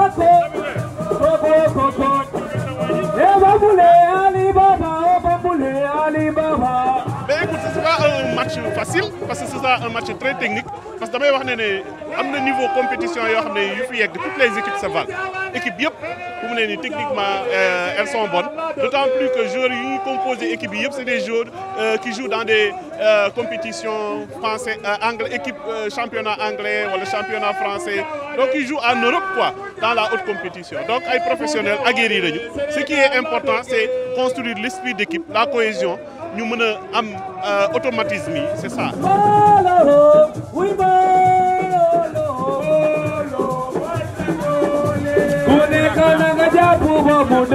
E e c'est pas un match facile parce que c'est un match très technique parce que le niveau compétition yo y yu fi yegg toutes les équipes se valent équipe yëpp euh, elles sont bonnes d'autant plus que joueurs composé équipe c'est des joueurs euh, qui jouent dans des euh, compétitions français anglais équipe championnat anglais le championnat français donc ils jouent en Europe quoi dans la haute compétition donc les professionnels aguerris ce qui est important c'est construire l'esprit d'équipe, la cohésion nous mën automatiser. ça.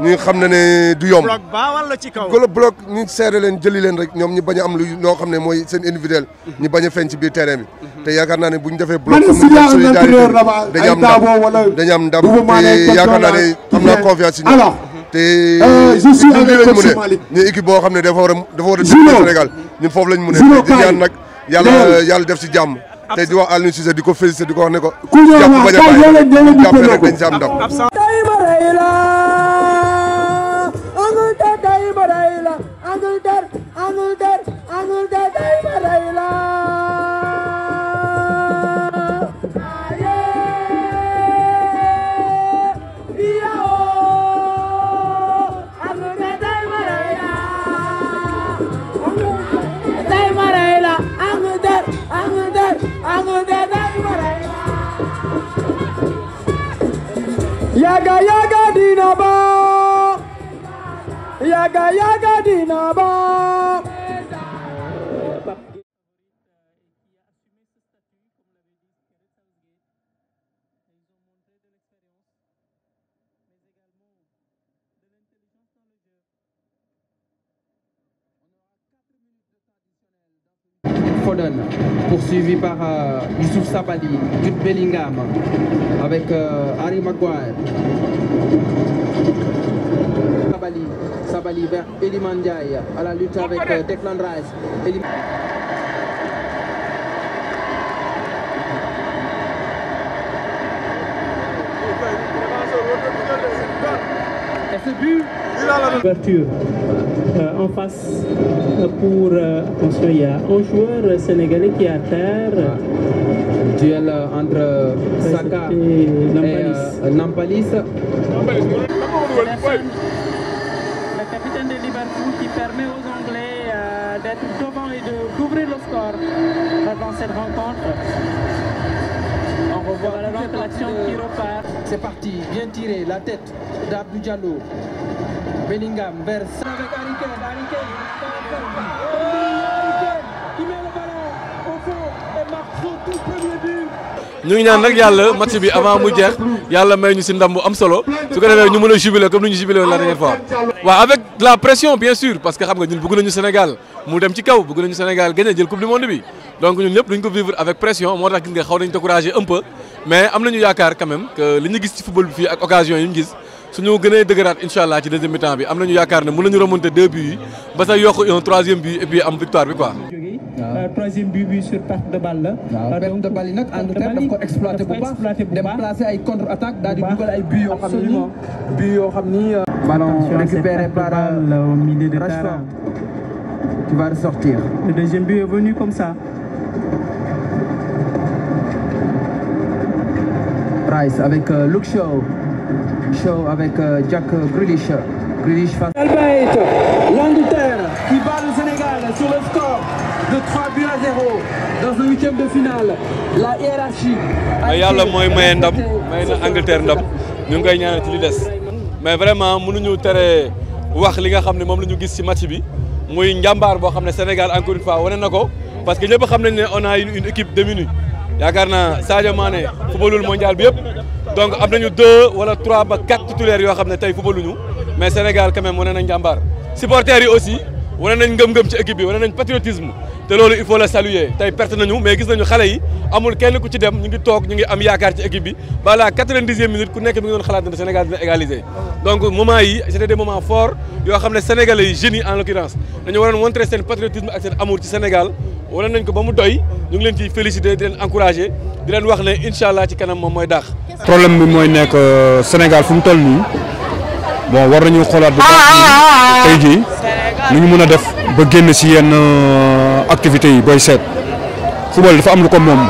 ñu xam ne ne du yomb. bloc golo bloc ñu seere leen jëli leen rek ñoom ñu bañ am lu loo xam ne mooy seen individuel. ñu bañ a feeñ ci biir terrain bi. te yaakaar naa ne bu ñu defee bloc comme ni ñu solidarité dañu am ndam dañu am am naa confiance ci ñoom. te ñun lii lañ mu ne ñu boo xam ne dafa war a dafa war ñun foofu lañ mu ne di ñaan nag yàlla yàlla jàmm. tey di wax Aliou di ko félicité di ko wax ne ko. jàpp bañ a bàyyi jàpp rek dañ si am Yaga yaga dinaba. Yaga yaga dinaba. poursuivi par euh, Yusuf Sabali, Jude Bellingham, avec euh, Harry Maguire. Sabali, Sabali vers Elimandiaï, à la lutte avec euh, Declan Rice. Ouverture euh, en face euh, pour. Euh, attention, il y a un joueur sénégalais qui est à terre. Duel entre Saka et euh, Nampalis. Le capitaine de Liverpool qui permet aux Anglais d'être devant et de couvrir le score dans cette rencontre revoit la donc action qui repart. C'est parti, bien tiré, la tête d'Abdou Diallo. Bellingham vers avec oh, Harry Kane, qui met le ballon au fond et marque son tout premier but. Nous avons nak yalla match bi avant mu jeex yalla may ñu ci ndam bu am solo su ko défé ñu mën jubiler comme ñu jubiler la dernière fois. wa avec la pression bien sûr parce que xam nga ñun bëgg nañu Sénégal mu dem ci kaw bëgg nañu Sénégal gagner jël coupe du monde bi donc ñun ñëpp dañ ko vivre avec pression moo tax gis nga xaw nañ découragé un peu mais am nañu quand même que li ñu gis ci football bi fii ak occasion yi ñu gis suñu gënee dëgëraat incha ci deuxième mi-temps bi am yakar yaakaar ne mën remonter deux buts yi ba sax yokk un troisième but et puis am victoire bi quoi. Euh, troisième but bi sur perte de balle la. waaw euh, perte de balle yi nag Angleterre daf ko exploité bu baax dem placé ay contre attaque daal di dugal ay buts yoo xam ni buts yoo xam ni. Euh, ballon récupéré par Rashford Tu va ressortir. le deuxième but est venu comme ça. Price avec euh, Luke Shaw. Shaw avec euh, Jack Grealish. Grealish face. l'Angleterre qui bat le Sénégal sur le score de 3 buts à 0 dans le huitième de finale. La hiérarchie. Mais yàlla mooy maye ndam may na Angleterre ndam ñu ngi koy ñaanal ci li des mais vraiment mënuñu tere wax li nga xam ne moom la ñu gis ci match bi muy njàmbaar boo xam ne Sénégal encore une fois wane na parce que ñëpp xam nañ on a une équipe diminuée yaakaar naa Sadio Mané football mondial bi yëpp donc am nañu deux wala 3 ba 4 titulaires yo xamné tay tey footballuñu mais Sénégal quand même moné nañ jambar supporters yi aussi. On a un patriotisme il faut la saluer tey a nañu mais gis nañu yi amul kenn ku ci dem ñu ngi ñu ngi minute Sénégal égaliser donc moment c'était des moments forts Nous sénégalais yi en l'occurrence dañu montrer notre patriotisme et amour Sénégal Nous avons ko ba mu Nous féliciter et encourager di leen wax ne Inshallah, ci le problème c'est que le Sénégal bon war nañu xoolaat bu baax tey jii nu ñu mën a def ba génn si yenn euh, activités yi booy seet football dafa am lu ko moom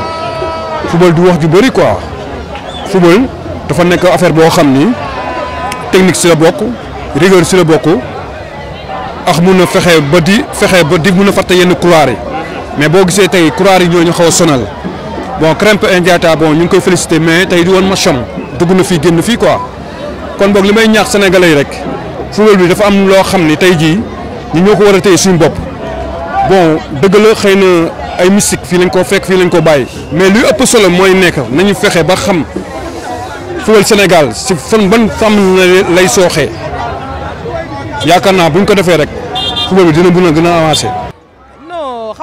du wax ju bëri quoi football dafa nekk affaire boo xam ni technique si bokk rigueur si la bokk ak mun a fexe ba di fexe ba di mun a fàtte yenn couloir yi boo gisee tey couloir yi ñoo ñu xaw a sonal bon Krépin Diatta bon ñu ngi koy félicité mais tey di woon ma chom dugg na fii génn fii quoi. kon bok li may ñaax sénégalais rek football bi dafa am lo xamni tay ji jii ñu ñoo ko war a suñu bop bon deug la xeyna ay mystique fi lañ ko fekk fi lañ ko bàyyi. mais lu ëpp solo moy nekk nañu fexé ba xam football Sénégal ci fan ban fam lay soxé yaakaar naa buñ ko défé rek football bi dina mun gëna avancer a avancé.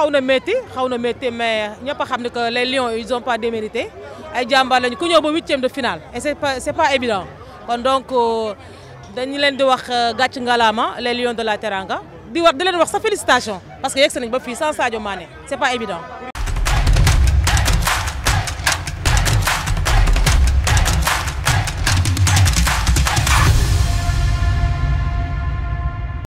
xaw na métti mais ñepp xamni que les lions ils ont pas démérité ay jàmbaar lañ ku ñëw ba huitième de finale et c'est pas c'est pas évident. kon donc euh, dañu leen di wax euh, gàcc ngalaama les lions de la Teranga di wax di leen wax sa félicitation parce que yegg ba fii sans Sadio Mané c'est pas évident